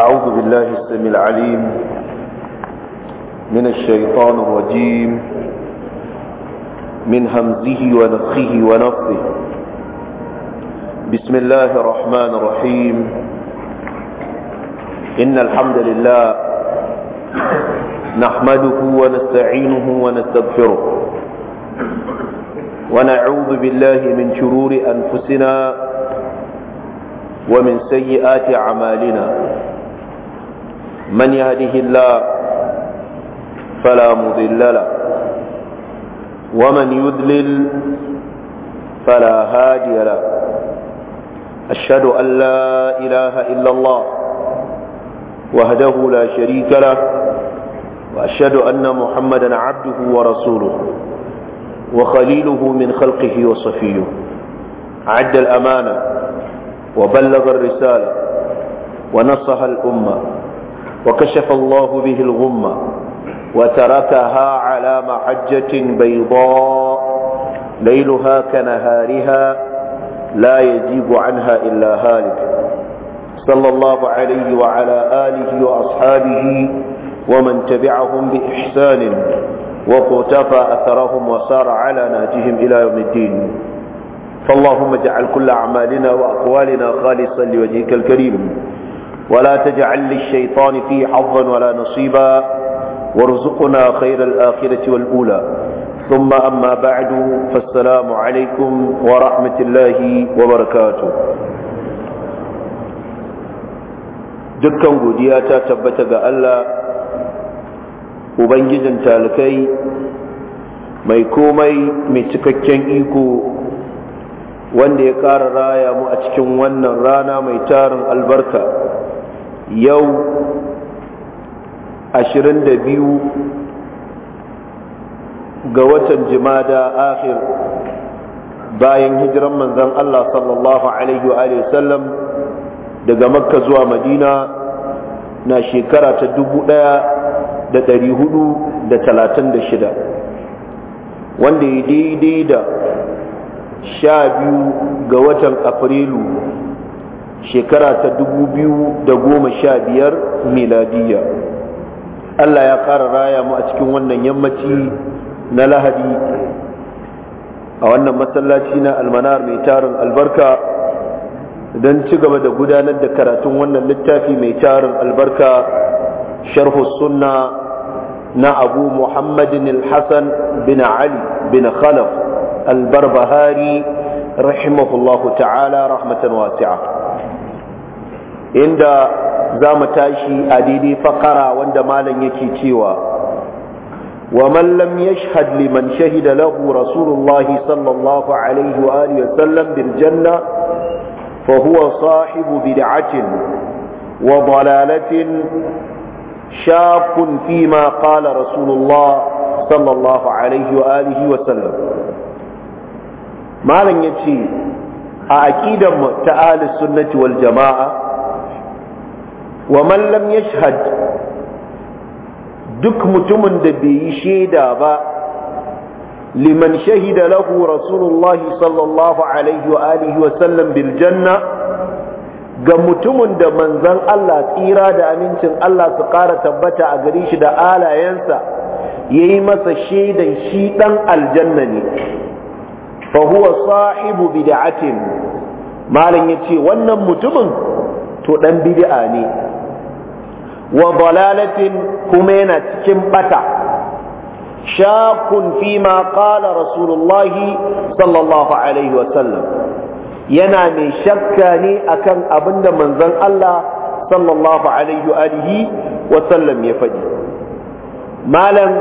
أعوذ بالله السميع العليم من الشيطان الرجيم من همزه ونفخه ونفخه بسم الله الرحمن الرحيم إن الحمد لله نحمده ونستعينه ونستغفره ونعوذ بالله من شرور أنفسنا ومن سيئات أعمالنا من يهده الله فلا مضل له ومن يدلل فلا هادي له أشهد أن لا إله إلا الله وهده لا شريك له وأشهد أن محمدا عبده ورسوله وخليله من خلقه وصفيه عد الأمانة وبلغ الرسالة ونصح الأمة وكشف الله به الغمة وتركها على محجة بيضاء ليلها كنهارها لا يجيب عنها إلا هالك صلى الله عليه وعلى آله وأصحابه ومن تبعهم بإحسان وقتفى أثرهم وسار على نهجهم إلى يوم الدين فاللهم اجعل كل أعمالنا وأقوالنا خالصا لوجهك الكريم ولا تجعل للشيطان فيه حظا ولا نصيبا وارزقنا خير الآخرة والأولى ثم أما بعد فالسلام عليكم ورحمة الله وبركاته dukkan godiya ta tabbata ga Allah Ubangijin talikai mai komai mai cikakken iko wanda ya ƙara raya mu a cikin wannan rana mai tarin albarka yau 22 ga watan jimada akhir bayan hijiran manzan Allah sallallahu alaihi wa sallam daga makka zuwa madina na shekara ta shida, wanda ya daidai da biyu ga watan afrilu shekara ta dubu biyu da goma sha biyar miladiya Allah ya ƙara raya mu a cikin wannan yammaci na lahadi a wannan masallaci na almanar mai tarin albarka don ci gaba da gudanar da karatun wannan littafi mai tarin albarka sharhu sunna na abu muhammadin al-hassan bin ali bin khalaf albarbahari rahimahullahu ta'ala rahmatan wasi'a inda za mu tashi a daidai fakara wanda malam yake cewa wa man yashhad liman shahida lahu janna fa sahibu wa شاق فيما قال رسول الله صلى الله عليه وآله وسلم ما لن يتشي أكيد تآل السنة والجماعة wa mallam ya shahad duk mutumin da bai yi shaida ba liman shahida lahu rasulullah sallallahu alaihi wa alihi wa sallam bil janna ga mutumin da manzon Allah tsira da amincin Allah su ƙara tabbata a gare shi da alayensa yayi masa shaidan shi dan aljanna ne fa huwa sahibu bid'atin malam yace wannan mutumin to dan bid'a ne wa dalalatin kuma yana cikin bata shakun fi ma qala rasulullahi sallallahu alaihi sallam, yana mai shakka ne akan abinda manzon Allah sallallahu alaihi wa alihi ya faɗi malam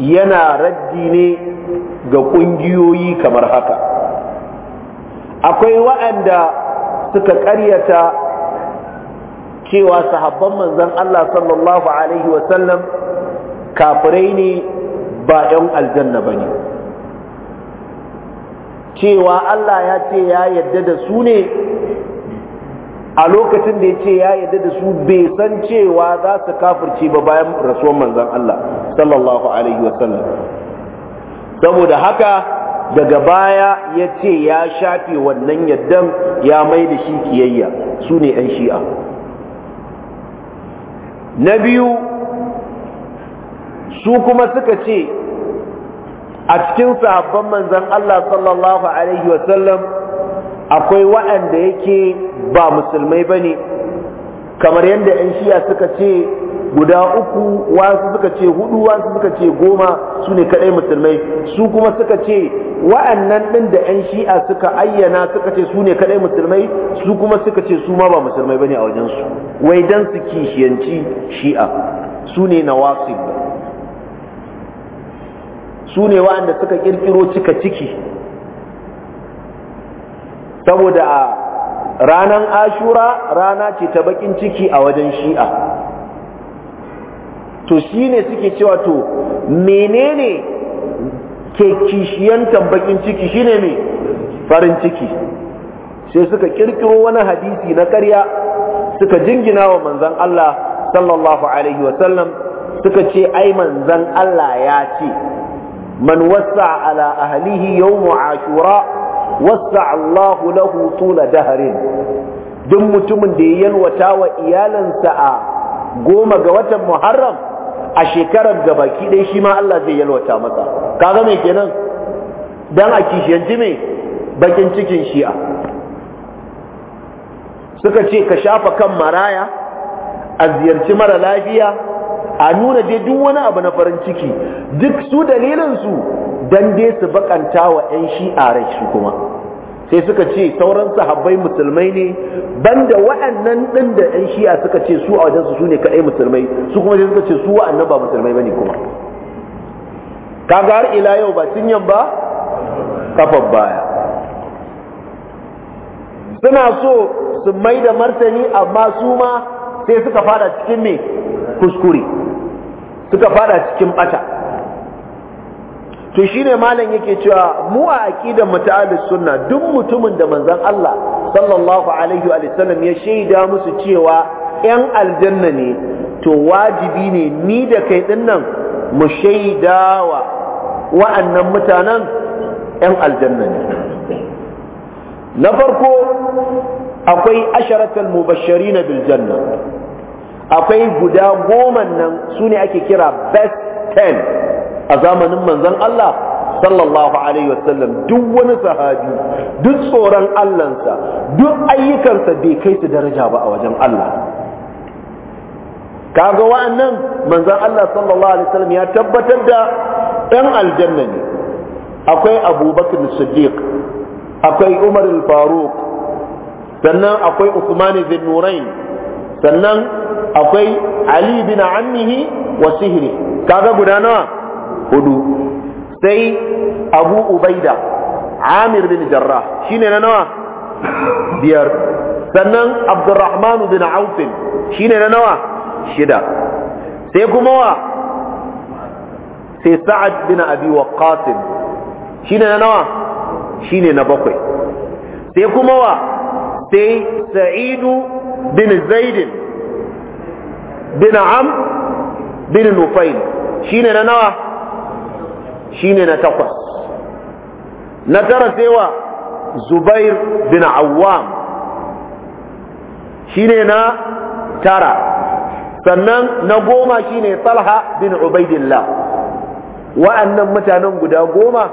yana raddi ne ga ƙungiyoyi kamar haka akwai waɗanda suka ƙaryata cewa sahabban manzon Allah sallallahu alaihi wasallam kafirai ne ba 'yan aljanna ba ne cewa Allah ya ce ya yadda da su ne a lokacin da ya ce ya yadda da su bai san cewa za su kafirce ba bayan rasuwan manzan Allah sallallahu alaihi wasallam saboda haka daga baya ya ce ya shafe wannan yaddan ya mai da shi kiyayya su ne 'yan shi'a na biyu su kuma suka ce a cikin sahabban manzan Allah sallallahu alaihi wasallam akwai waɗanda yake ba musulmai ba ne kamar yadda 'yan shiya suka ce guda uku wasu suka ce hudu wasu suka ce goma su ne kadai musulmai su kuma suka ce wa'annan din da yan shi'a suka ayyana suka ce su ne kadai musulmai su kuma suka ce su ma ba musulmai bane a wajen su wai dan su kishiyanci shi'a su ne nawasib su ne wa'anda suka kirkiro cika ciki saboda a ranan ashura rana ce ta bakin ciki a wajen shi'a to shine suke cewa to menene ke kishiyan bakin ciki shine me farin ciki sai suka kirkiro wani hadisi na karya, suka jingina wa manzan Allah sallallahu alaihi wa sallam suka ce ai manzan Allah ya ce man wasa ala ahlihi yawmu ashura wasa Allahu lahu tula daharin. duk mutumin da ya yalwata wa iyalansa a goma ga watan Muharram a shekarar da baki ɗaya shi ma Allah zai yalwata masa kaga me kenan dan a kishiyanci mai bakin cikin shi'a suka ce ka shafa kan maraya a ziyarci mara lafiya a nuna dai duk wani abu na farin ciki duk su dalilin su dan dai su bakanta wa 'yan shi'a rai shi kuma sai suka ce sauran sahabbai musulmai ne banda wa'annan din da ɗan shi'a suka ce su a wajen su ne kaɗai musulmai su kuma sai suka ce su wa'annan ba musulmai bane kuma kaga har ila yau ba cinyan ba kafar baya suna so su mai da martani amma su ma sai suka fada cikin me kuskure suka fada cikin bata to shine malam yake cewa mu a aqidar mu sunna duk mutumin da manzon Allah sallallahu alaihi wa sallam ya shaida musu cewa yan aljanna ne to wajibi ne ni da kai din nan mu shaidawa wa'annan mutanen yan aljanna ne na farko akwai asharatul mubashirin bil janna akwai guda goma nan ne ake kira best 10 a zamanin manzon Allah sallallahu alaihi wasallam duk wani sahabi duk tsoron Allahnsa duk ayyukansa bai kai su daraja ba a wajen Allah kaga wa'annan manzon Allah sallallahu alaihi wasallam ya tabbatar da ɗan aljanna ne akwai abubakar siddiq akwai umar faruk sannan akwai usman bin nurain sannan akwai ali bin ammihi wa sihri kaga guda nawa hudu sai abu ubaida amir bin jarrah shine na nawa biyar sannan abdurrahman bin auf shine na nawa shida sai kuma wa sai sa'ad bin abi waqqas shine na nawa shine na bakwai sai kuma wa sai bin zaid bin am bin nufail shine na nawa shine na takwas na tara sewa zubair bin shi shine na tara sannan na goma shine salha bin ubaidillah wa'annan mutanen guda goma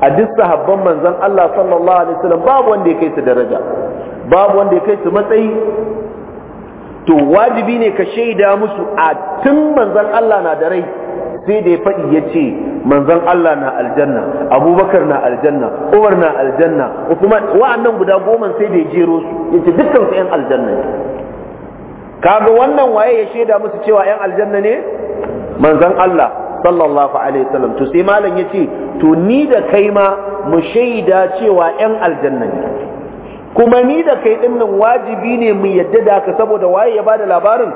a duk sahabban manzon Allah sallallahu alaihi wasallam babu wanda ya kai su daraja babu wanda ya kai su matsayi to wajibi ne ka shaida musu a tun manzon Allah na da rai sai da ya faɗi ya ce manzon Allah na aljanna abubakar na aljanna umar na aljanna usman wa'annan guda goma sai da jero su yace dukkan su yan aljanna ne kaga wannan waye ya shaida musu cewa yan aljanna ne manzon Allah sallallahu alaihi wasallam to sai malam yace to ni da kai ma mu shaida cewa yan aljanna ne kuma ni da kai din nan wajibi ne mu yadda da haka saboda waye ya bada labarin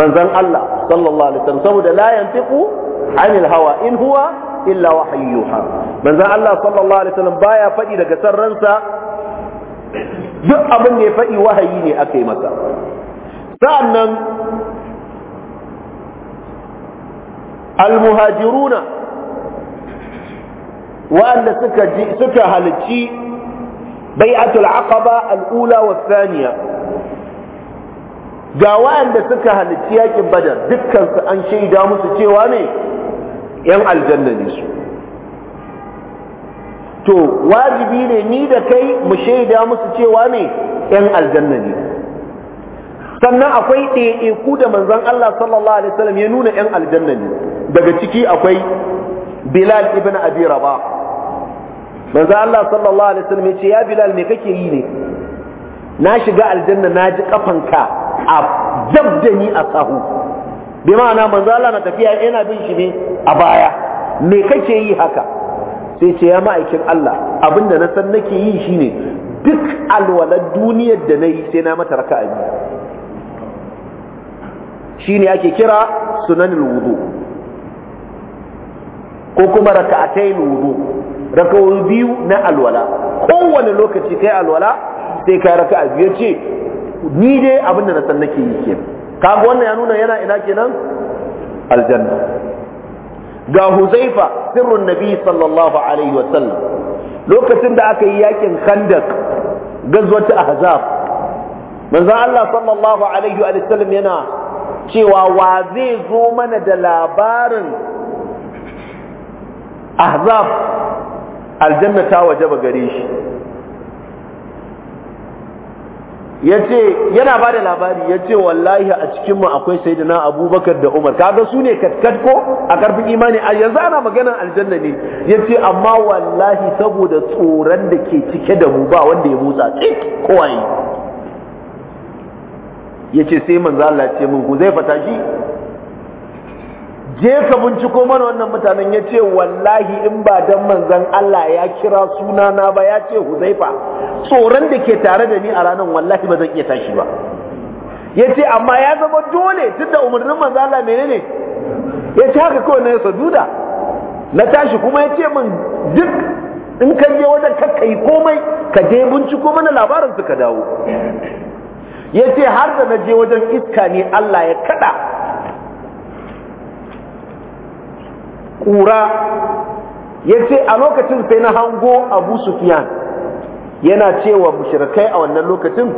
manzon Allah sallallahu alaihi wasallam saboda la yantiqu anil hawa in huwa illa wahayi yuha manzon Allah sallallahu alaihi wasallam baya faɗi daga san ransa duk abin da ya faɗi wahayi ne akai masa sa'annan almuhajiruna wa'anda suka suka halicci bai'atul aqaba al-ula wa thaniya ga wayanda suka halitti yakin badar dukkansu an shaida musu cewa ne yan aljanna ne su to wajibi ne ni da kai mu shaida musu cewa ne yan aljanna ne sannan akwai ɗaiɗaiku da manzon Allah sallallahu alaihi wasallam ya nuna yan aljanna ne daga ciki akwai Bilal ibn Abi Rabah manzon Allah sallallahu alaihi wasallam ya ce ya Bilal me kake yi ne na shiga aljanna na ji kafanka a dab da a sahu bi ma'ana manzo Allah na tafiya yana bin shi ne a baya me kake yi haka sai ce ya ma'aikin Allah abinda na san nake yi shine duk alwala duniyar da na yi sai na mata raka'a ne shine ake kira sunanul wudu ko kuma raka'atayn wudu raka'o biyu na alwala kowane lokaci kai alwala sai kai raka'a biyar ce ni dai abin da na san nake yi kenan kaga wannan ya nuna yana ina kenan aljanna ga huzaifa sirrun nabi sallallahu alaihi wa sallam lokacin da aka yi yakin khandak gazwatu ahzab manzo Allah sallallahu alaihi wa sallam yana cewa wa zai zo mana da labarin ahzab aljanna ta wajaba gare shi yace yana ba da labari yace wallahi a cikin mu akwai sayyidina abubakar da umar kaga su ne katkat ko a karfin imani a yanzu ana maganar aljanna ne yace amma wallahi saboda tsoron da ke cike da mu ba wanda ya motsa tsik kowaye yace sai manzo Allah ce mun ku zai fata shi je ka binciko mana wannan mutanen ya ce wallahi in ba dan manzan Allah ya kira sunana ba ya ce huzaifa tsoron da ke tare da ni a ranar wallahi ba zan iya tashi ba ya ce amma ya zama dole tun da umarnin manzan Allah menene ya ce haka kawai na saduda na tashi kuma ya ce min duk in ka je wajen kakai komai ka je binciko mana labarin suka dawo ya ce har da na je wajen iska ne Allah ya kada ƙura ya ce a lokacin sai na hango abu sufiyan yana cewa mushrikai a wannan lokacin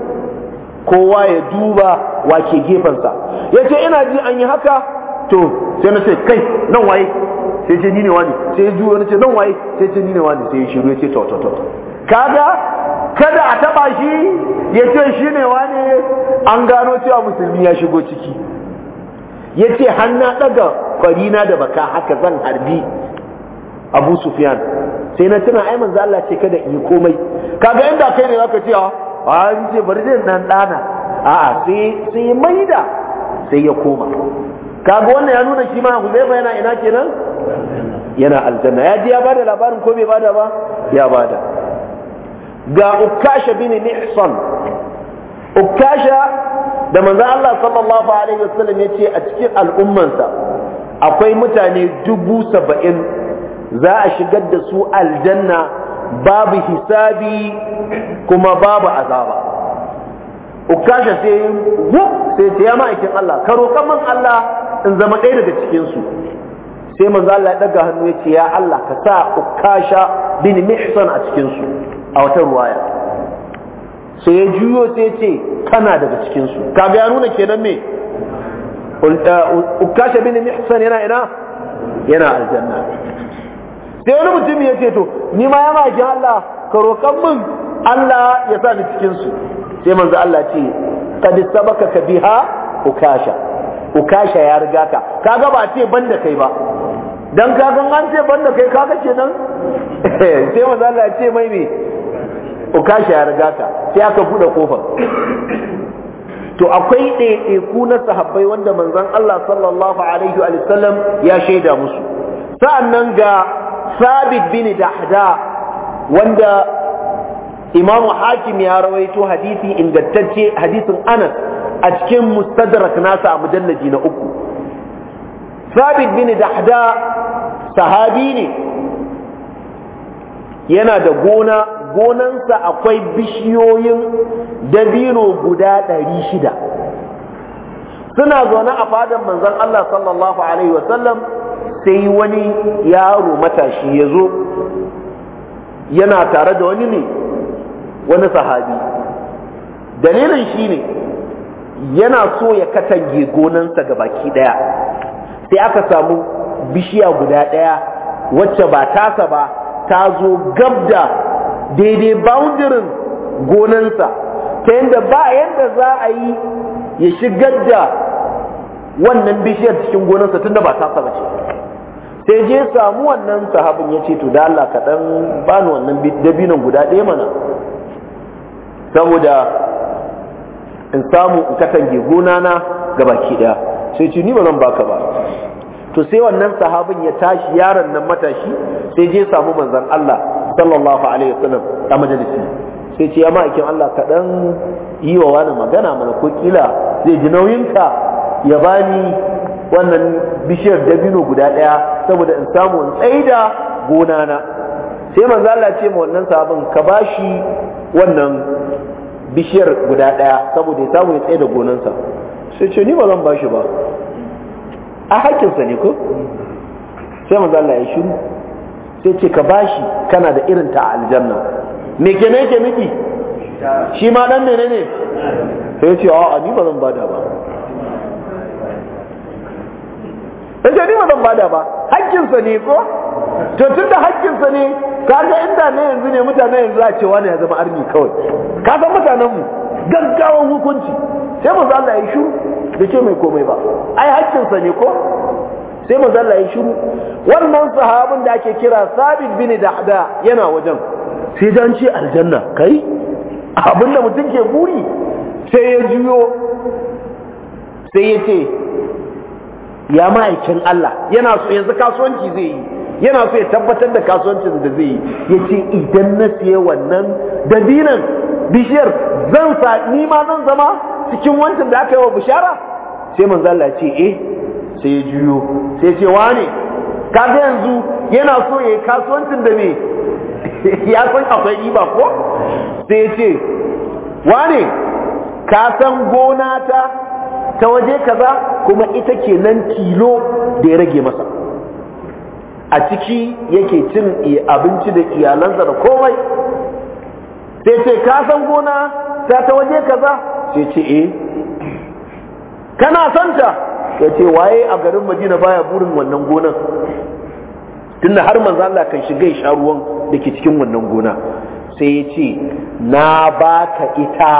kowa ya duba wake gefensa ya ce ina ji an yi haka to sai na ce kai nan waye sai ce ni ne wani sai ya juyo na ce nan waye sai ce ni ne wani sai ya shiru ya ce to to to kada a taba shi ya ce shi ne wani an gano cewa musulmi ya shigo ciki ya ce hanna ɗaga kwarina da baka haka zan harbi abu sufyan sai na tuna ai manzo Allah ce kada in yi komai kaga inda kai ne zaka ce a ah, ni ce bari zan dan dana a'a sai sai maida sai ya koma kaga wannan ya nuna shi ma Huzaifa yana ina kenan yana aljanna ya ji ya bada labarin ko bai bada ba ya bada ga ukasha bin mihsan ukasha da manzo Allah sallallahu alaihi wasallam ya ce a cikin al'ummansa akwai mutane dubu saba'in za a shigar da su aljanna babu hisabi kuma babu azaba ukasha sai wuf sai ta yama aikin Allah karo kaman Allah in zama ɗaya daga cikinsu. sai manzo Allah ya daga hannu ya ce ya Allah ka sa ukasha bin mihsan a cikinsu, a wata ruwaya sai ya juyo sai ya ce kana daga cikin su kaga ya nuna kenan me ah, ukasha bin mihsan yana ina yana aljanna sai wani mutum ya ce to ni ma ya maki Allah ka roƙan min Allah ya sa ni cikin su sai manzo Allah ce qad sabaka ka biha ukasha ukasha ya riga ka kaga ba ce banda kai ba dan kagan an ce banda kai kaga kenan sai manzo Allah ya ce mai me kashi ya riga ka sai aka buɗe kofar to akwai ɗaiɗaiku na sahabbai wanda manzon Allah sallallahu alaihi wa sallam ya shaida musu sa'annan ga Sabit bin Dahda wanda Imam Hakim ya rawaito hadisi ingantacce hadisin Anas a cikin mustadrak nasa a mujallaji na uku Sabit bin Dahda sahabi ne yana da gona gonansa akwai bishiyoyin dabino guda ɗari shida suna zaune a fadan manzon Allah sallallahu alaihi wasallam sai wani yaro matashi ya zo yana tare da wani ne wani sahabi dalilin shi ne yana so ya katange gonansa ga baki ɗaya sai aka samu bishiya guda ɗaya wacce ba tasa ba ta zo gabda. daidai boundary gonansa ta yadda ba yadda za a yi ya shigar da wannan bishiyar cikin gonansa tunda ba tasa ba ce sai je samu wannan sahabin ya ce to da Allah ka dan bani wannan dabinan guda ɗaya mana saboda in samu in katange gona na gabaki ɗaya sai ce ni ba zan baka ba to sai wannan sahabin ya tashi yaron nan matashi sai je samu manzon Allah sallallahu alaihi wasallam a majalisi sai ce ya ma'aikin Allah kaɗan yi wa wani magana mana ko kila zai ji nauyinka ya bani wannan bishiyar dabino guda ɗaya saboda in samu in tsaida gonana sai manzo Allah ce ma wannan sabon ka bashi wannan bishiyar guda ɗaya saboda ya samu ya tsaida gonansa sai ce ni ba zan bashi ba a hakkinsa ne ko sai manzo Allah ya shiru sai ce ka bashi kana da irin ta aljanna me ke ne ke miki shi ma dan ne? sai ce a ni ba zan bada ba in ce ni ba zan bada ba hakkinsa ne ko to tun da hakkinsa ne ka ga inda ne yanzu ne mutane yanzu a cewa ne ya zama arni kawai ka san mutanen mu gaggawan hukunci sai mu Allah ya shiru da ce mai komai ba ai hakkinsa ne ko sai manzo Allah ya shiru wannan sahabin da ake kira Sabit bin Dahda yana wajen sai dan ce aljanna kai abinda mutum ke buri sai ya juyo sai ya ce ya ma'aikin Allah yana so yanzu kasuwanci zai yi yana so ya tabbatar da kasuwancin da zai yi ya ce idan na siye wannan dabinan bishiyar zan sa ni ma zan zama cikin wancan da aka yi wa bishara sai manzo Allah ya ce eh sai ya juyo sai ce wane kaga yanzu yana so ya yi kasuwancin da me ya san akwai riba ko sai ya ce wane ka san gona ta ta waje kaza kuma ita ke nan kilo da ya rage masa a ciki yake cin abinci da iyalansa da komai sai ce ka san gona ta ta waje kaza sai ce eh kana santa ya ce waye a garin madina baya burin wannan gonan tunda har manzo Allah kan shiga ya sha ruwan da ke cikin wannan gona sai ya ce na ba ka ita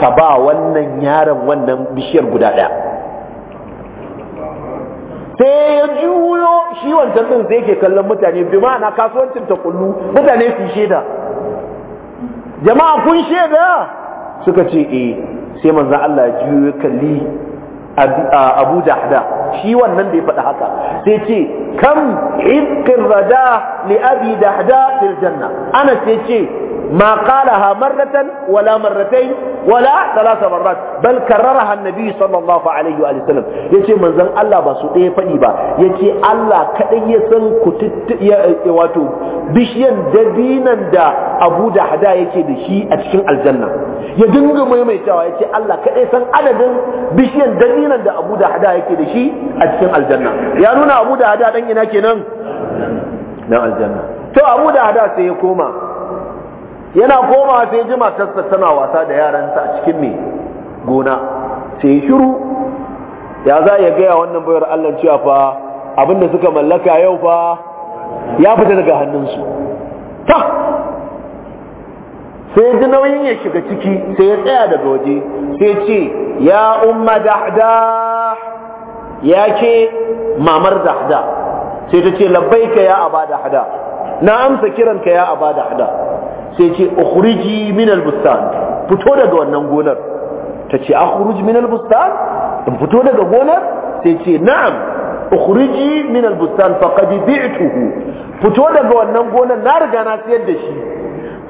ka ba wannan yaron wannan bishiyar guda ɗaya sai ya juyo shi wancan ɗin sai ke kallon mutane bi ma'ana kasuwancin ta kullu mutane su shaida jama'a kun shaida suka ce eh sai manzo Allah ya juyo kalli abu jahda shi wannan da ya faɗi haka sai ce kam ibqir rada li abi dahda fil janna ana ce ما قالها مرة ولا مرتين ولا ثلاث مرات بل كررها النبي صلى الله عليه وآله وسلم يتي من ذن الله بسوطه فنبا يتي الله كأي سن كتت واتو بشيا دبينا دا أبو دا حدا يتي دشي أتشن الجنة يدنغ ميميتاوا يتي الله كأي سن عدد بشيا دبينا دا أبو دا حدا يتي دشي أتشن الجنة يانونا أبو دا حدا دنجنا كنن نعم الجنة تو أبو دا حدا سيكوما yana komawa sai ji matarsa tana wasa da yaransa a cikin mai gona sai shiru ya za ya gaya wannan bayar Allah cewa fa abinda suka mallaka yau fa ya fita daga hannunsu ta sai ji nauyin ya shiga ciki sai ya tsaya daga waje sai ce ya umma dahda ya ke mamar dahda sai ta ce labbaika ya abada hada na amsa kiranka ya abada hada. sai ce ukhriji min albustan fito daga wannan gonar ta ce akhruj min albustan in fito daga gonar sai ce na'am ukhriji min albustan faqad bi'tuhu fito daga wannan gonar na riga na siyar da shi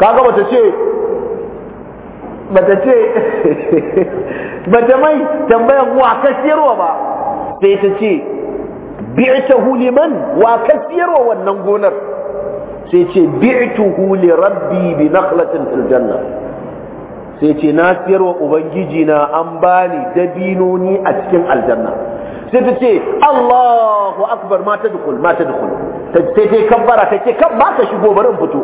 kaga bata ce bata ce bata mai tambayan wa ka siyarwa ba sai ta ce bi'tahu liman wa ka siyarwa wannan gonar sai ce bi'tuhu li rabbi bi nakhlatin fil janna sai ce na siyar wa ubangiji na an bani dabinoni a cikin aljanna sai ta ce Allahu akbar ma tadkhul ma tadkhul sai ta kabbara ta ce kan ba ka shigo barin in fito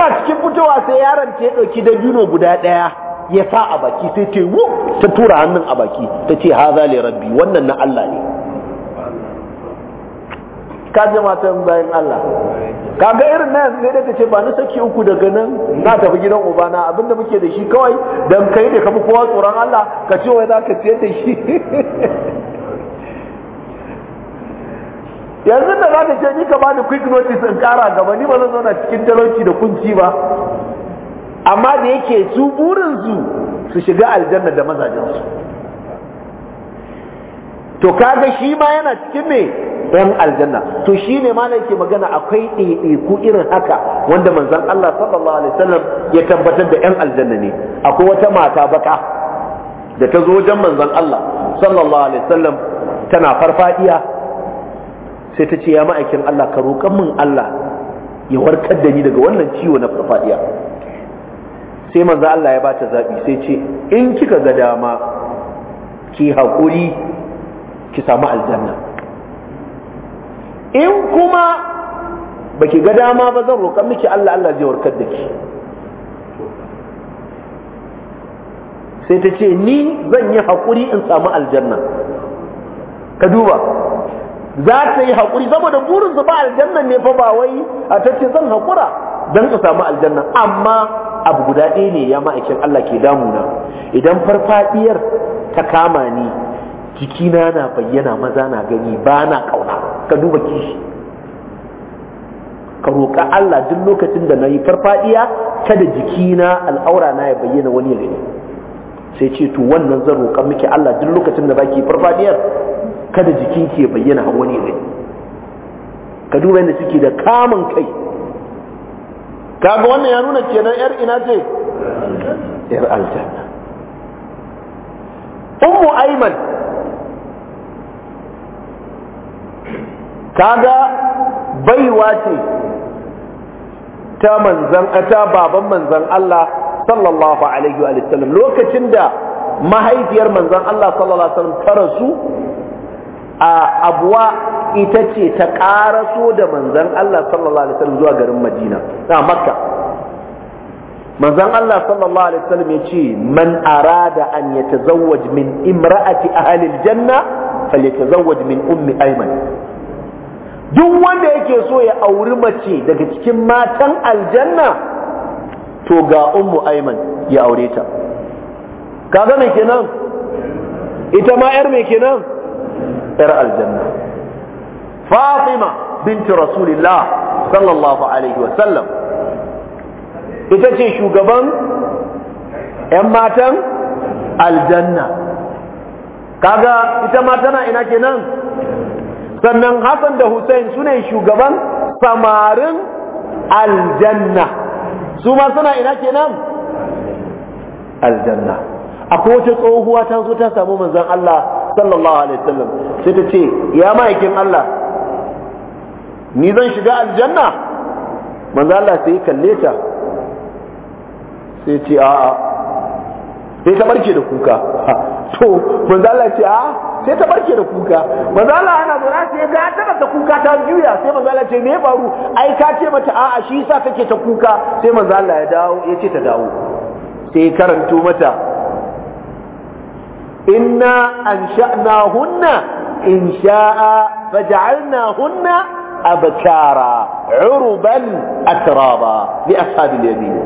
ba cikin fitowa sai yaron ta dauki dabino guda daya ya sa a baki sai ta wu ta tura hannun a baki ta ce haza li rabbi wannan na Allah ne ka je matan bayan Allah kaga irin na yanzu da ta ce ba ni saki uku daga nan na tafi gidan ubana abinda muke da shi kawai dan kai da kafi kowa tsoron Allah ka ce wai za ka da shi yanzu da za ta ce ni ka bani quick notice in kara gaba ni ba zan zauna cikin talauci da kunci ba amma da yake su burinsu su su shiga aljanna da mazajensu to kaga shi ma yana cikin me yan aljanna to shine malam yake magana akwai ɗaiɗaiku irin haka wanda manzon Allah sallallahu alaihi wasallam ya tabbatar da yan aljanna ne akwai wata mata baka da ta zo wajen manzon Allah sallallahu alaihi wasallam tana farfadiya sai ta ce ya ma'aikin Allah ka roƙan min Allah ya warkar da ni daga wannan ciwo na farfadiya sai manzon Allah ya bata zabi sai ce in kika ga dama ki haƙuri ki samu aljanna in kuma baki ga dama ba zan roƙa miki Allah Allah zai warkar da ki sai ta ce ni zan yi haƙuri in samu aljanna ka duba za ta yi haƙuri saboda burin su ba aljanna ne fa ba wai a ta ce zan haƙura don su samu aljanna amma abu guda ɗaya ne ya ma'aikin Allah ke damuna idan farfadiyar ta kama ni jikina na bayyana maza na gani ba na kauna ka duba kishi ka roƙa Allah duk lokacin da na yi farfadiya kada jikina al'aura na ya bayyana wani ya gani sai ce to wannan zan roƙa miki Allah duk lokacin da baki farfadiyar kada jikinki ya bayyana wani ya gani ka duba yadda suke da kamun kai kaga wannan ya nuna kenan yar ina ce yar aljanna ummu aiman kaga baiwa ce ta manzan ta baban manzan Allah sallallahu alaihi wa sallam lokacin da mahaifiyar manzan Allah sallallahu alaihi wa sallam ta rasu a abuwa ita ce ta ƙaraso da manzan Allah sallallahu alaihi sallam zuwa garin Madina na Makka manzan Allah sallallahu alaihi sallam ya ce man arada an yatazawwaj min imra'ati ahli aljanna falyatazawwaj min ummi ayman duk wanda yake so ya auri mace daga cikin matan aljanna to ga ummu aiman ya aure ta kaga me kenan ita ma yar me kenan yar aljanna fatima binti rasulillah sallallahu alaihi wa sallam ita ce shugaban yan matan aljanna kaga ita ma tana ina kenan sannan Hassan da Hussein su ne shugaban samarin aljanna su ma suna ina kenan aljanna akwai wata tsohuwa ta zo ta samu manzon Allah sallallahu alaihi wasallam sai ta ce ya ma'aikin Allah ni zan shiga aljanna manzon Allah sai kalle ta sai ce a'a sai ta barke da kuka to manzon Allah ce a'a sai ta barke da kuka manzo Allah ana zo sai ga ta ta kuka ta juya sai manzo ce me ya faru ai ka ce mata a'a shi yasa kake ta kuka sai manzo Allah ya dawo ya ce ta dawo sai karanto mata inna ansha'nahunna insha'a faj'alnahunna abkara عربا أترابا لأصحاب اليمين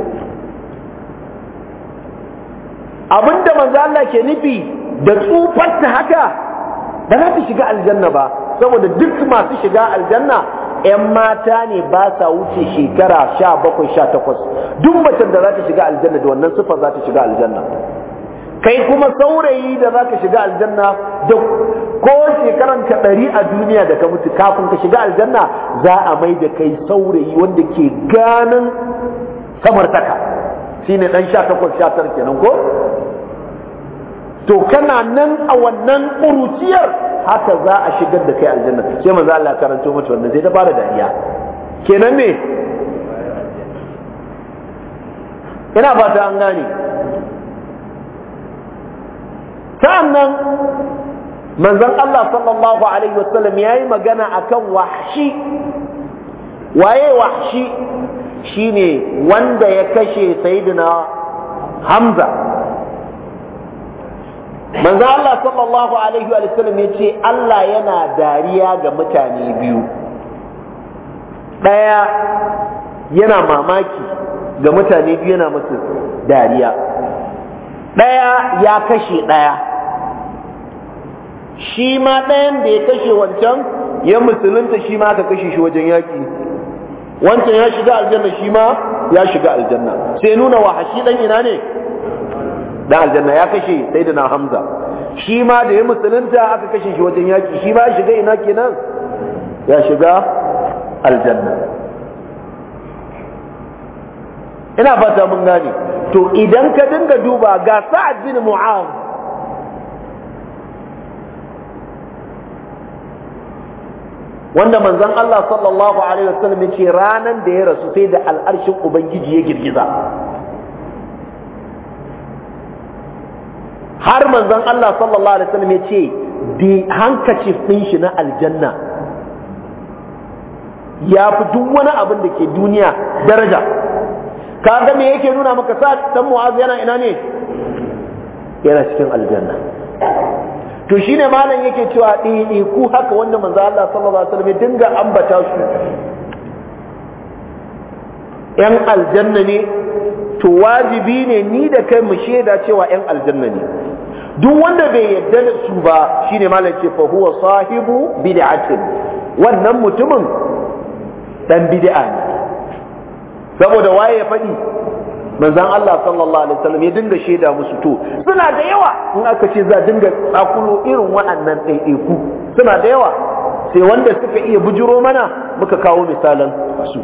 abinda manzo Allah ke nufi da ta haka ba za ta shiga aljanna ba saboda duk masu shiga aljanna 'yan mata ne ba sa wuce shekara sha bakwai sha takwas duk macen da za ta shiga aljanna da wannan siffar za ta shiga aljanna kai kuma saurayi da za ka shiga aljanna da ko shekaran ka ɗari a duniya da ka mutu kafin ka shiga aljanna za a mai da kai saurayi wanda ke ganin samartaka shine dan sha takwas sha tara kenan ko to kana nan a wannan ƙuruciyar haka za a shigar da kai aljanna sai manzo Allah karanto mata wannan sai ta fara dariya kenan me ina fata an gane sa'annan manzon Allah sallallahu alaihi wasallam yayi magana akan wahshi waye wahshi shine wanda ya kashe sayyidina Hamza manzo Allah sallallahu alaihi wa sallam ce Allah yana dariya ga mutane biyu daya yana mamaki ga mutane biyu yana musu dariya Ɗaya ya kashe ɗaya. shi ma ɗayan da ya kashe wancan ya musulunta shi ma ka kashe shi wajen yaki wancan ya shiga aljanna shi ma ya shiga aljanna sai nuna wa hashi dan ina ne da aljanna ya kashe sayyidina hamza shi ma da ya musulunta aka kashe shi wajen yaki shi ma ya shiga ina kenan ya shiga aljanna ina fata mun gane to idan ka dinga duba ga sa'ad bin mu'az wanda manzon Allah sallallahu alaihi wasallam ce ranan da ya rasu sai da al'arshin ubangiji ya girgiza har manzon Allah sallallahu alaihi wasallam ya ce di handkerchief din shi na aljanna ya fi duk wani abin da ke duniya daraja Ka ga me yake nuna maka sa dan mu'az yana ina ne yana cikin aljanna to shine malam yake cewa ɗi ku haka wanda manzo Allah sallallahu alaihi wasallam ya dinga ambata su ‘yan aljanna ne to wajibi ne ni da kai mu shaida cewa ‘yan aljanna ne duk wanda bai yarda da su ba shine malam ce fa huwa sahibu bid'atin wannan mutumin dan bid'a ne saboda waye ya faɗi manzan Allah sallallahu alaihi wasallam ya dinga shaida musu to suna da yawa in aka ce za dinga tsakulo irin waɗannan ɗaiɗaiku suna da yawa sai wanda suka iya bujiro mana muka kawo misalan su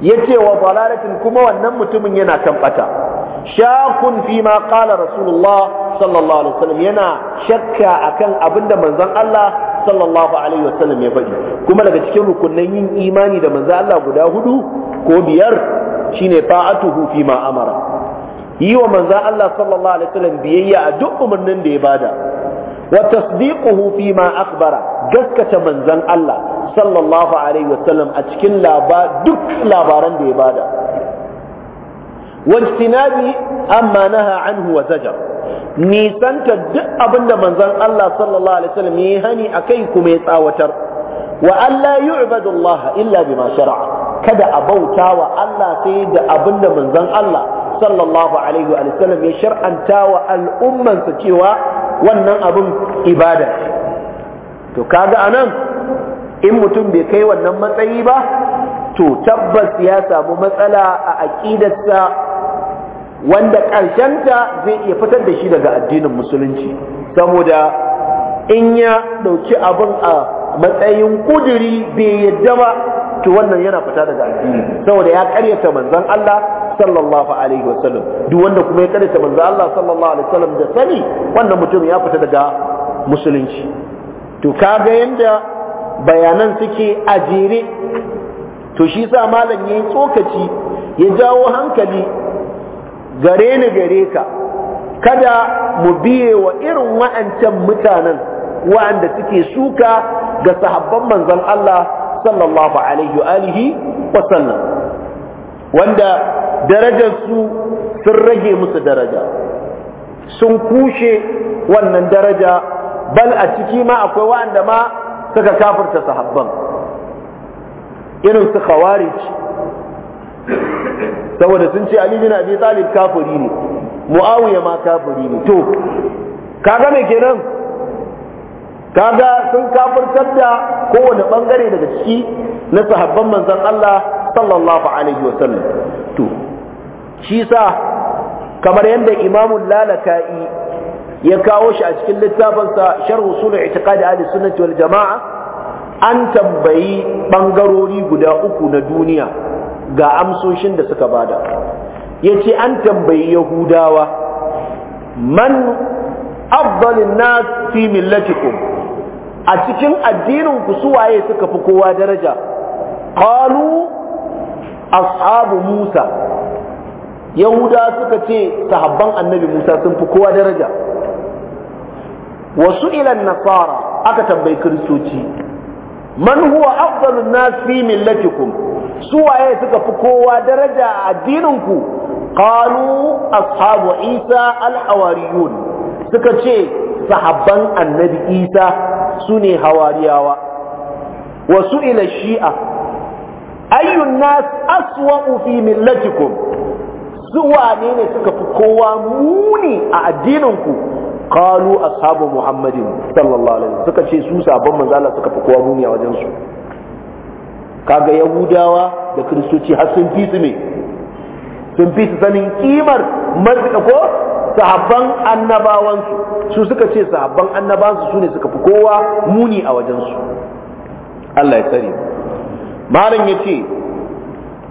yace wa dalalatin kuma wannan mutumin yana kan bata shakun fi ma qala rasulullah sallallahu alaihi wasallam yana shakka akan abinda manzon Allah sallallahu alaihi wasallam ya faɗi kuma daga cikin rukunnan yin imani da manzon Allah guda hudu ko biyar shine fa'atuhu fi ma amara yi wa manzon Allah sallallahu alaihi wasallam biyayya a duk umarnin da ya bada wa tasdiquhu fi ma akhbara gaskata manzon Allah sallallahu alaihi wasallam a cikin duk labaran da ya bada wajtinabi amma naha anhu wa zajar nisanta duk abinda manzon Allah sallallahu alaihi wasallam yayi hani akai kuma ya tsawatar wa alla yu'badu Allah illa bima shar'a kada a bauta wa Allah sai da abinda manzon Allah sallallahu alaihi wa sallam ya shar'anta wa al'ummansa cewa wannan abin ibada to kaga anan in mutum bai kai wannan matsayi ba to tabbas ya samu matsala a aƙidarsa wanda ƙarshenta zai iya fitar da shi daga addinin musulunci saboda in ya ɗauki abin a matsayin kuduri bai yadda ba to wannan yana fita daga addini saboda ya ƙaryata manzon Allah sallallahu alaihi wasallam duk wanda kuma ya karanta manzo Allah sallallahu alaihi wasallam da sani wannan mutum ya fita daga musulunci to kaga yanda bayanan suke a jere to shi sa malam ya yi tsokaci ya jawo hankali gare ni gare ka kada mu biye wa irin wa'ancan mutanen wa'anda suke suka ga sahabban manzon Allah sallallahu alaihi wa alihi wa sallam wanda darajarsu sun rage musu daraja sun kushe wannan daraja bal a ciki ma akwai wa'anda ma suka kafirta sahabban irin su khawarij saboda sun ce Ali bin Abi Talib kafiri ne Muawiya ma kafiri ne to kaga me kenan kaga sun kafirtar da kowane bangare daga ciki na sahabban manzon Allah sallallahu alaihi wa wasallam to shi sa kamar yadda Imam Lalaka'i ya kawo shi a cikin littafinsa sharh usul i'tiqad ahli sunnati wal jamaa an tambayi bangarori guda uku na duniya ga amsoshin da suka bada yace an tambayi yahudawa man afdalin nas fi millatikum a cikin addinin ku suwaye suka fi kowa daraja qalu ashabu musa yahuda suka ce sahabban annabi musa sun fi kowa daraja wasu ilan nasara aka tambayi kiristoci man huwa afdalun nas fi millatikum su waye suka fi kowa daraja a ku qalu ashabu isa al-hawariyun suka ce sahabban annabi isa sune hawariyawa wasu ila shi'a ayyun nas aswa'u fi millatikum su wane ne suka fi kowa muni a addinin ku qalu ashabu muhammadin sallallahu alaihi wasallam suka ce su sabon manzo Allah suka fi kowa duniya wajen su kaga yahudawa da kristoci har sun fi su ne sun fi su sanin kimar marzuka ko sahabban annabawansu su suka ce sahabban annabawansu su ne suka fi kowa muni a wajen su? Allah ya tsare malam ya ce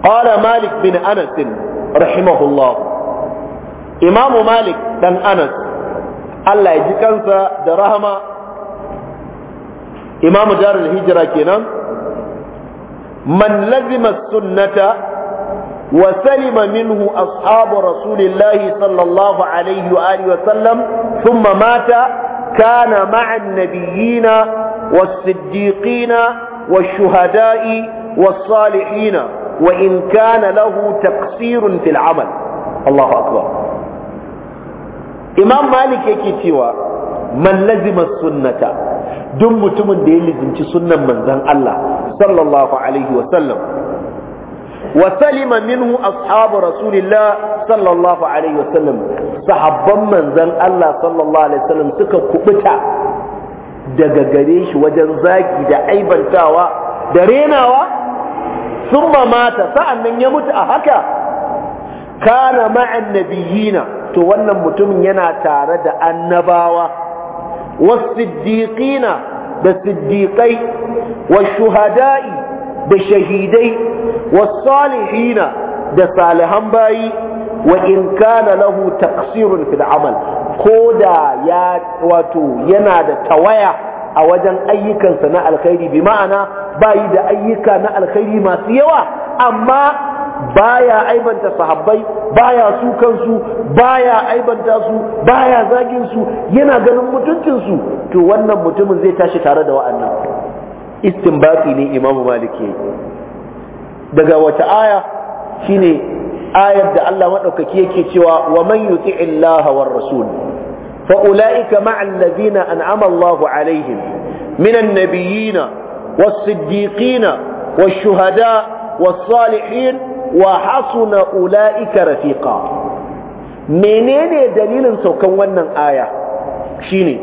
qala malik bin anas rahimahullah imamu malik dan anas Allah ya ji kansa da rahama imamu darul hijira kenan man lazima sunnata wa salima minhu ashabu rasulillahi sallallahu alaihi wa alihi wa sallam thumma mata kana ma'a nabiyina nabiyyina was-siddiqina wash-shuhada'i was-salihina wa in kana lahu taqsirun fil 'amal Allahu akbar imam malik yake cewa man lazima sunnata duk mutumin da ya lizinci sunnan manzan Allah sallallahu alaihi wa sallam wa salima minhu ashabu rasulillah sallallahu alaihi wa sallam sahabban manzan Allah sallallahu alaihi wa sallam suka kubuta daga gare shi wajen zaki da aibantawa da renawa sun mata sa'an nan ya mutu a haka kana ma'an nabiyina to wannan mutumin yana tare da annabawa wasiddiqina da siddiqai washuhada'i da shahidai wasalihina da salihan bayi wa in kana lahu taqsirun fil amal ko da ya wato yana da tawaya a wajen ayyukansa na alkhairi bi ma'ana bayi da ayyuka na alkhairi masu yawa amma baya aibanta sahabbai baya su kansu baya aibanta su baya zagin su yana ganin mutuncin su to wannan mutumin zai tashi tare da wa'annan istinbati ne Imam maliki daga wata aya shine ayar da Allah madaukaki yake cewa wa man yuti'i Allah war rasul fa ulaika ma'a alladhina an'ama Allahu alaihim minan nabiyyin was siddiqin والشهداء والصالحين wa hasuna ula'ika rafiqa menene dalilin saukan wannan aya shine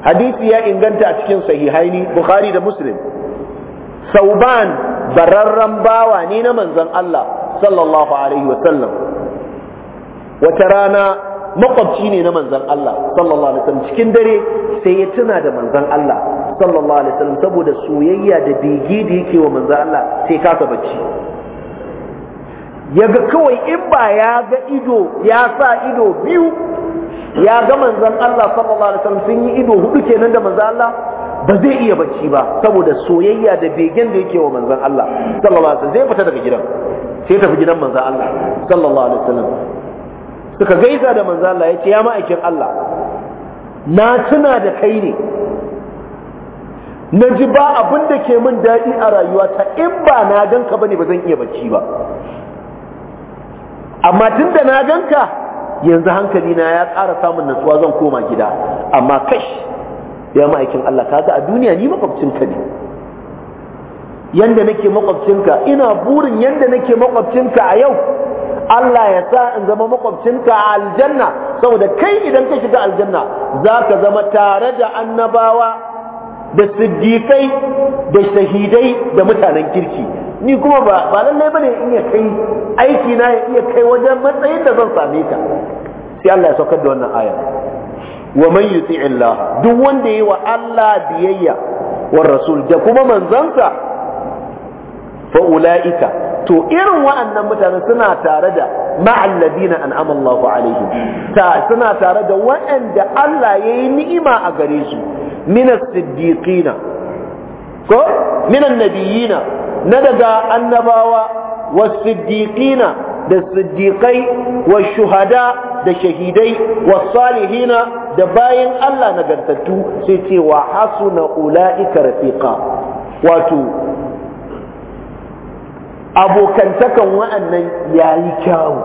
hadisi ya inganta a cikin sahihaini bukhari da muslim sauban bararren bawa ne na manzon Allah sallallahu alaihi sallam. wata rana makwabci ne na manzan Allah sallallahu alaihi wasallam cikin dare sai ya tuna da manzan Allah sallallahu alaihi wasallam saboda soyayya da bege da yake wa manzan Allah sai kasa bacci ya ga kawai in ba ya ga ido ya sa ido biyu ya ga manzan Allah sallallahu alaihi wasallam sun yi ido hudu kenan da manzan Allah ba zai iya bacci ba saboda soyayya da begen da yake wa manzan Allah sallallahu alaihi wasallam zai fita daga gidan sai tafi gidan manzan Allah sallallahu alaihi wasallam suka gaisa da manzan Allah yace ya ma'aikin Allah na tuna da kai ne na ji ba abin da ke min daɗi a rayuwata in ba na ganka bane ba zan iya bacci ba amma tun da na ganka yanzu hankali na ya ƙara samun natsuwa zan koma gida amma kash ya ma'aikin Allah kaga a duniya ni makwabcinka ne yanda nake makwabcinka ina burin yanda nake makwabcinka a yau Allah ya sa in zama makwabcinka a aljanna saboda kai idan ka shiga aljanna za ka zama tare da annabawa da siddiƙai da shahidai da mutanen kirki ni kuma ba ba lallai bane in ya kai aiki na ya iya kai wajen matsayin da zan same ta sai Allah ya saukar da wannan aya wa man yuti Allah duk wanda yayi wa Allah biyayya wa rasul da kuma manzansa fa ulaika to irin wa'annan mutane suna tare da ma'alladina an'ama Allahu alaihim ta suna tare da wa'anda Allah yayi ni'ima a gare su min as-siddiqina ko min na daga annabawa wa siddiqina da siddiqai wa shuhada da shahidai wa salihina da bayan Allah nagartattu sai ce wa hasuna ulaika rafiqa wato abokantakan wa'annan yayi kyawu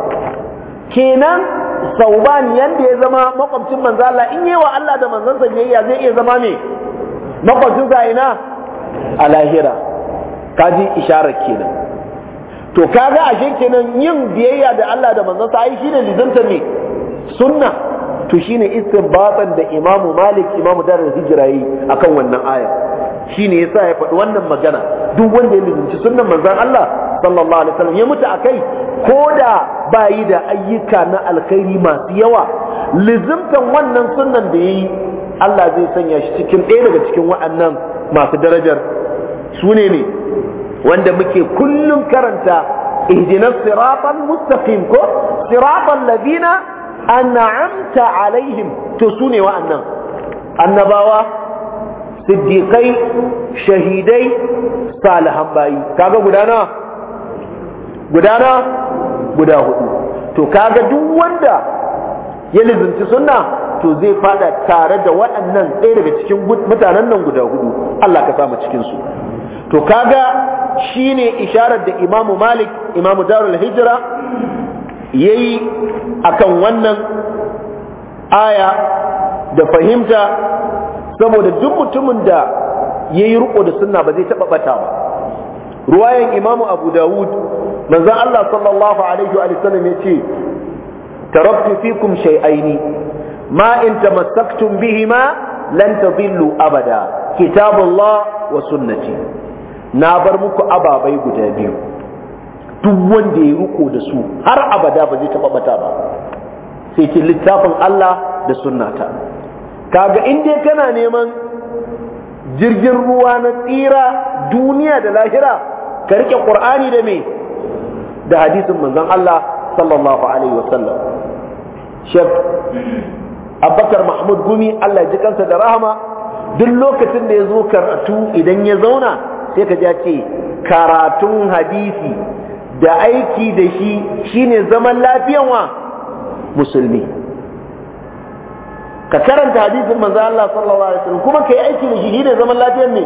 kenan sauban yanda ya zama makwabcin manzo in yi wa Allah da manzansa biyayya zai iya zama mai makwabcin sa ina a lahira kaji isharar kenan to kaga ashe kenan yin biyayya da Allah da manzansa ai shine lizanta me sunna to shine istibatan da imamu Malik imamu Darul Hijra yi akan wannan ayar Shi yasa ya faɗi wannan magana duk wanda ya lizinci sunnan manzon Allah sallallahu alaihi wasallam ya mutu a kai? bayi da ayyuka na alkhairi masu yawa lizimtan wannan sunnan da yayi Allah zai sanya shi cikin ɗaya daga cikin wa'annan masu darajar su ne ne wanda muke kullum karanta ihdinas siratal mustaqim ko siratal ladina an'amta alaihim to su ne wa'annan annabawa siddiƙai shahidai salihan bayi kaga gudana gudana guda hudu to kaga duk wanda ya lizinci sunna to zai fada tare da waɗannan ɗaya daga cikin mutanen nan guda hudu Allah ka samu cikin su to kaga shine isharar da Imam Malik Imam Darul Hijra yayi akan wannan aya da fahimta saboda duk mutumin da yayi riko da sunna ba zai taba bata ba ruwayan imamu abu dawud manzon Allah sallallahu alaihi wa sallam yace taraktu fikum shay'aini ma in tamassaktum bihima lan tadillu abada kitabullah wa sunnati na bar muku ababai guda biyu duk wanda ya riko da su har abada ba zai taba ba sai ce littafin Allah da sunnata kaga in dai kana neman jirgin ruwa na tsira duniya da lahira ka rike qur'ani da me da hadisin manzon Allah sallallahu alaihi wasallam shek abakar mahmud gumi Allah ji kansa da rahama duk lokacin da ya zo karatu idan ya zauna sai ka ja ce karatun hadisi da aiki da shi shine zaman lafiyan wa musulmi ka karanta hadisin manzo Allah sallallahu alaihi wasallam kuma kai aiki da shi zaman lafiyar ne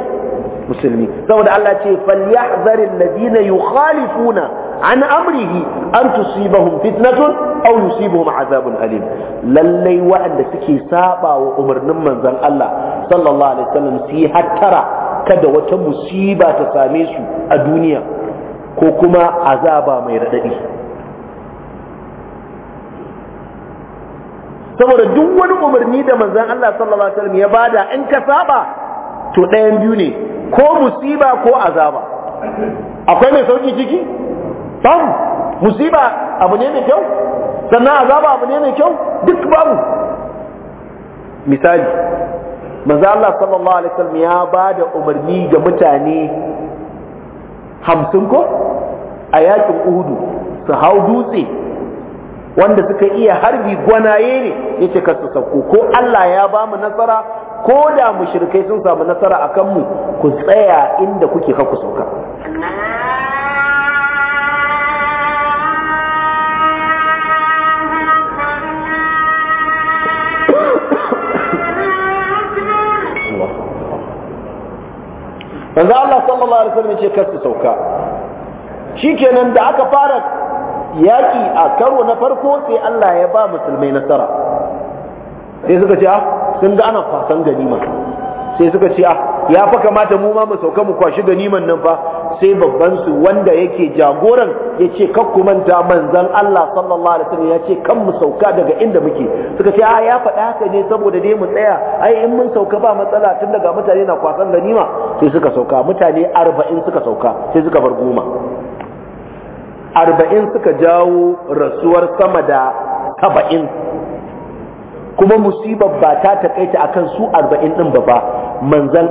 musulmi saboda Allah ce falyahzaril ladina yukhalifuna an amrihi an tusibahum fitnatun aw yusibahum azabun alim lallai waɗanda suke saɓawa umarnin manzon Allah sallallahu alaihi wasallam su yi hattara kada wata musiba ta same su a duniya ko kuma azaba mai radadi saboda duk wani umarni da manzon Allah sallallahu alaihi wasallam ya bada in ka saba to ɗayan biyu ne ko musiba ko azaba akwai mai sauki ciki babu musiba abu ne mai kyau sannan azaba abu ne mai kyau duk babu misali manzo Allah sallallahu alaihi wasallam ya bada umarni ga mutane hamsin ko a yakin Uhudu su hau dutse wanda suka iya harbi gwanaye ne yace kar su sauko ko Allah ya ba mu nasara ko da mu shirkai sun samu nasara a kanmu ku tsaya inda kuke ka sauka Yanzu Allah sallallahu Alaihi wasallam ce kar sauka, shi kenan da aka fara Yaki a karo na farko sai Allah ya ba musulmai nasara sai suka ce ah sun ga ana fasan ganima sai suka ce ah ya fa kamata mu ma mu sauka mu kwashi ganiman nan fa sai babban su wanda yake jagoran ya ce ku manta manzan Allah sallallahu alaihi wasallam ya ce kan mu sauka daga inda muke suka ce a ah, ya faɗa haka ne saboda dai mu tsaya ai in mun sauka ba matsala tun daga mutane na kwasan ganima sai suka sauka mutane arba'in suka sauka sai suka bar goma arba'in suka jawo rasuwar sama da saba'in kuma musibar ba ta takaita akan su arba'in din ba ba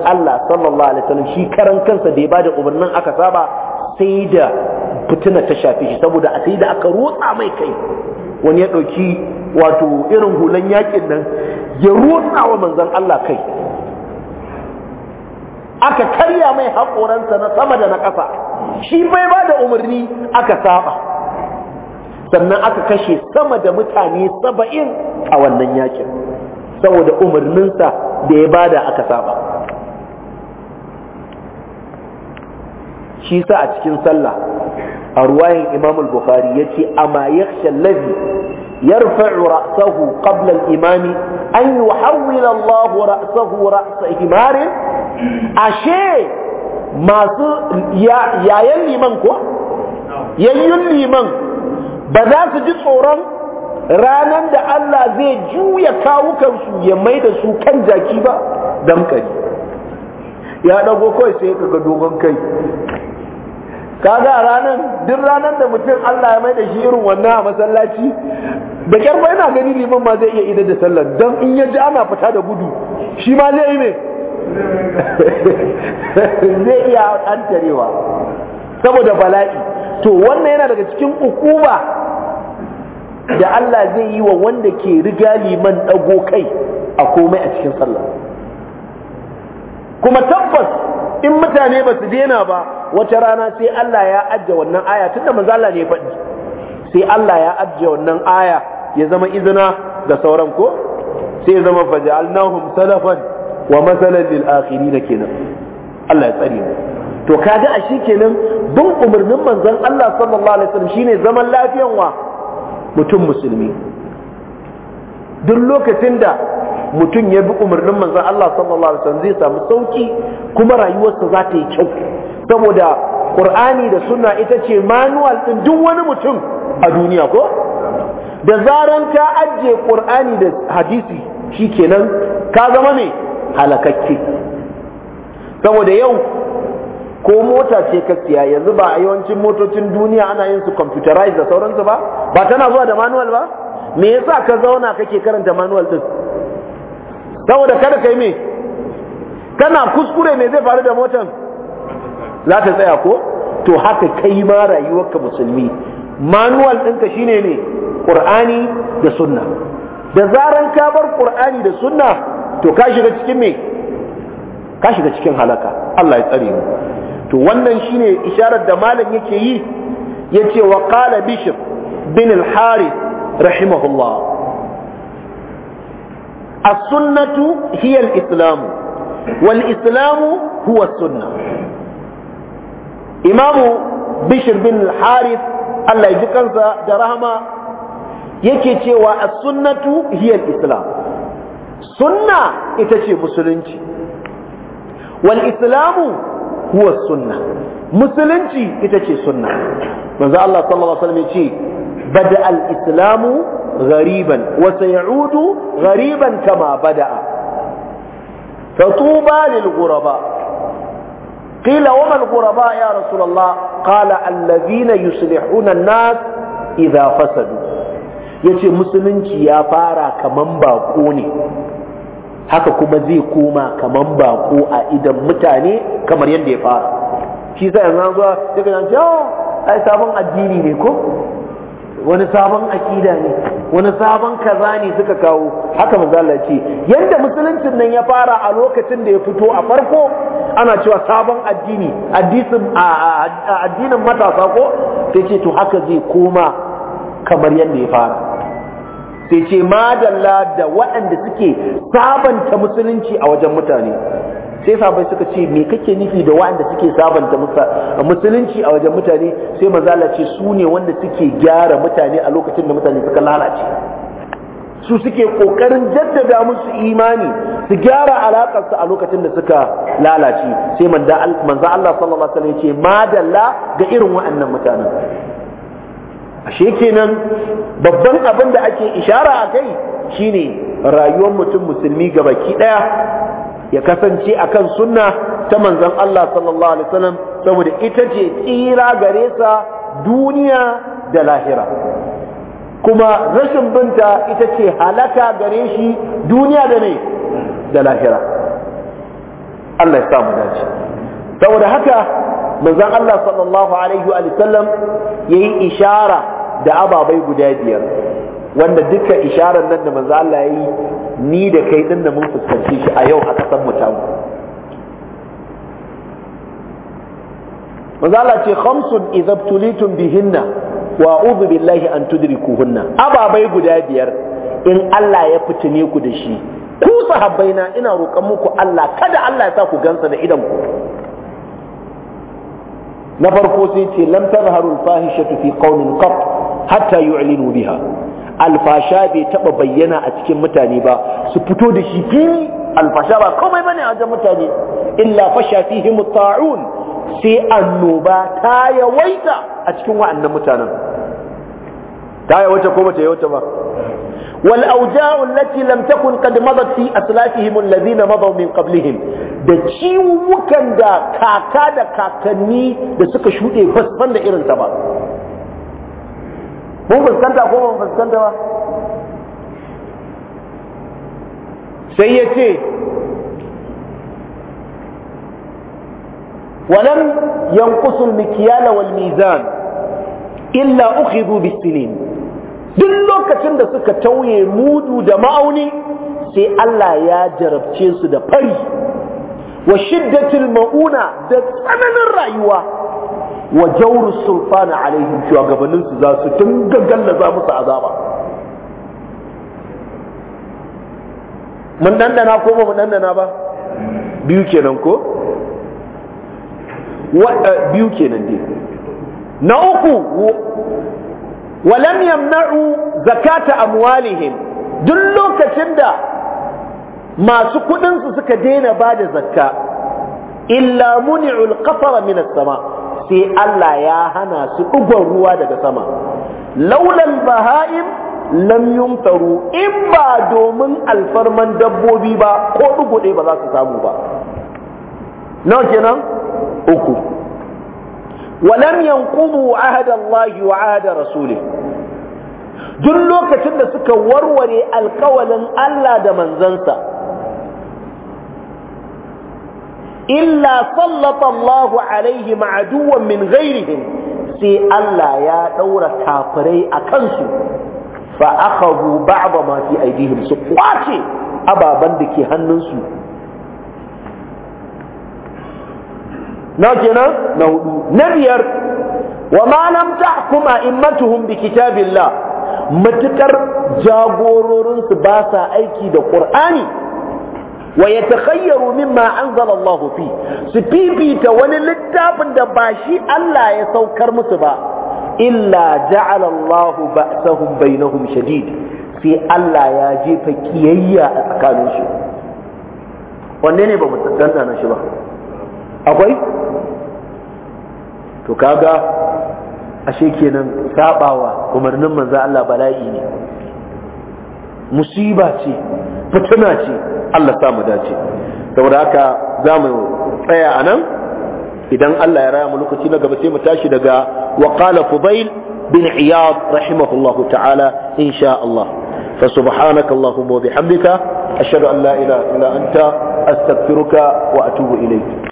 Allah sallallahu alaihi wasallam shi karan kansa da ya bada umarnin aka saba sai da fitina ta shafe shi saboda a sai da aka rotsa mai kai wani ya ɗauki wato irin hulan yakin nan ya rotsa wa manzan Allah kai aka karya mai haƙoransa na sama da na ƙasa shi bai ba da umarni aka saba sannan aka kashe sama da mutane saba'in a wannan yakin saboda umarninsa da ya bada aka saba shi sa a cikin sallah a ruwayin imam al-bukhari ya ce amma ya allazi yarfa'u ra'sahu qabla imami an yuhawwila Allahu ra'sahu ra's himarin ashe masu yayan liman ko yayyun liman ba za su ji tsoron ranar da Allah zai juya kawukansu ya mai da su kan jaki ba damkari ya dago kawai sai ka ga dogon kai kaga ranar duk ranar da mutum Allah ya mai da shi irin wannan a masallaci da kyar ba yana gani liman ma zai iya idar da sallar don in ya ji ana fita da gudu shi ma zai yi mai zai iya antarewa saboda bala'i to wannan yana daga cikin ukuba da Allah zai yi wa wanda ke riga liman dago kai a komai a cikin sallah kuma tabbas in mutane ba su daina ba wata rana sai Allah ya ajje wannan aya tunda manzo Allah ne faɗi sai Allah ya ajje wannan aya ya zama izina ga sauran ko sai ya zama faja'alnahum salafan wa masalan lil akhirin kenan Allah ya tsare mu to kaga a shikenan bin umarnin manzon Allah sallallahu alaihi wasallam shine zaman lafiyan wa mutum musulmi duk lokacin da mutum ya bi umarnin manzon Allah sallallahu alaihi wasallam zai samu sauki kuma rayuwarsa za ta yi kyau saboda Qur'ani da sunna ita ce manual din duk wani mutum a duniya ko da zaran ka ajiye Qur'ani da hadisi shikenan ka zama ne halakakke saboda yau ko mota ce kakkiya yanzu ba a yawancin motocin duniya ana yin su computerized da sauransu ba ba tana zuwa da manual ba me yasa ka zauna kake karanta manual din saboda kada kai me kana kuskure me zai faru da motan za ta tsaya ko to haka kai ma rayuwarka musulmi manual ɗinka shine ne ƙur'ani da sunna da zaran ka bar ƙur'ani da sunna to ka shiga cikin me ka shiga cikin halaka Allah ya tsare mu to wannan shine isharar da malam yake yi yace wa qala bishr bin al-harith rahimahullah as-sunnatu hiya al-islam wal islamu huwa as-sunnah imamu bishr bin al-harith Allah ya ji kansa da rahama yake cewa as-sunnatu hiya al-islam sunna ita ce musulunci wal islamu huwa sunna musulunci ita ce sunna manzo Allah sallallahu alaihi wasallam ce bada al islamu ghariban wa sayaudu ghariban kama bada'a فطوبى للغرباء wa وما guraba ya رسول qala قال yuslihuna يصلحون الناس إذا fasadu. ya ce musulunci ya fara kaman bako ne haka kuma zai koma kaman bako a idan mutane kamar yadda ya fara shi sa yanzu an zuwa ya kan ce ai sabon addini ne ko wani sabon akida ne wani sabon kaza ne suka kawo haka manzala ce yadda musuluncin nan ya fara a lokacin da ya fito a farko ana cewa sabon addini addinin matasa ko ta ce to haka zai koma kamar yadda ya fara sai ce madalla da waɗanda suke sabanta musulunci a wajen mutane sai sabai suka ce me kake nufi da waɗanda suke sabanta musulunci a wajen mutane sai mazala ce su ne wanda suke gyara mutane a lokacin da mutane suka lalace su suke kokarin jaddada musu imani su gyara alakarsu a lokacin da suka lalace sai manza Allah sallallahu alaihi wasallam ya ce madalla ga irin waɗannan mutanen ashe kenan babban abin da ake ishara a kai shine rayuwar mutum musulmi ga baki daya ya kasance akan sunna ta manzon Allah sallallahu alaihi wasallam saboda ita ce tsira gare sa duniya da lahira kuma rashin binta ita ce halaka gare shi duniya da ne da lahira Allah ya samu dace saboda haka manzon Allah sallallahu alaihi wa sallam yayi ishara da ababai guda biyar wanda duka isharar nan da manzon Allah yayi ni da kai din da mun fuskanci shi a yau a kasan mu tamu manzon Allah ce khamsun idza tulitum bihinna wa a'udhu billahi an tudrikuhunna ababai guda biyar in Allah ya fitine ku da shi ku sahabbaina ina roƙon muku Allah kada Allah ya sa ku gansa da idan ku na farko sai ce lam tazharu al-fahishatu fi qaumin qat hatta yu'linu biha alfasha bai taba bayyana a cikin mutane ba su fito da shi fili alfasha ba komai bane a wajen mutane illa fasha fihim ta'un sai annoba ta yawaita a cikin wa'annan mutanen ta yawaita ko bata yawaita ba والأوجاع التي لم تكن قد مضت في أسلافهم الذين مضوا من قبلهم da ciwukan da kaka da kakanni da suka shuɗe ba su san da irinta ba mun fuskanta ko mun fuskanta ba sai ya ce ولم ينقص المكيال والميزان إلا أخذوا بالسنين duk lokacin da suka tauye mudu da ma'auni sai Allah ya jarabce su da fari wa shiddatul mauna da tsananin rayuwa wa jawrus sultana alaihim gabanin su za su tunga za musu azaba mun dandana ko ba mun dandana ba biyu kenan ko eh, biyu kenan dai na uku walam yamna'u zakata amwalihim duk lokacin da masu kudin su suka daina bada zakka illa muni'ul qatara min sama sai Allah ya hana su dugon ruwa daga sama laulal baha'im lam yumtaru in ba domin alfarman dabbobi ba ko dugo ba za su samu ba nawa kenan uku walam yanqudu ahada Allah wa ahada duk lokacin da suka warware alkawalin Allah da manzansa illa sallata Allah alaihi ma'aduwan min ghairihim sai Allah ya daura kafirai a kansu fa akhadhu ba'd ma fi aidihim su kwace ababen da ke hannunsu na kenan na hudu na biyar wa ma lam tahkum a'immatuhum bi kitabillah matukar jagororin su ba sa aiki da qur'ani wa yatakhayyaru mimma anzala Allah fi su fifita wani littafin da ba shi Allah ya saukar musu ba illa ja'ala Allah ba'sahum bainahum shadid sai Allah ya jefa kiyayya a tsakaninsu wanne ne ba mu tantana shi ba akwai to kaga ashe kenan sabawa umarnin manzo Allah bala'i ne musiba ce fitina ce Allah sa mu dace saboda haka za mu tsaya a nan idan Allah ya raya mu lokaci na gaba sai mu tashi daga wa qala fudail bin iyad rahimahullahu ta'ala insha Allah fa subhanaka allahumma wa bihamdika ashhadu an la ilaha anta astaghfiruka wa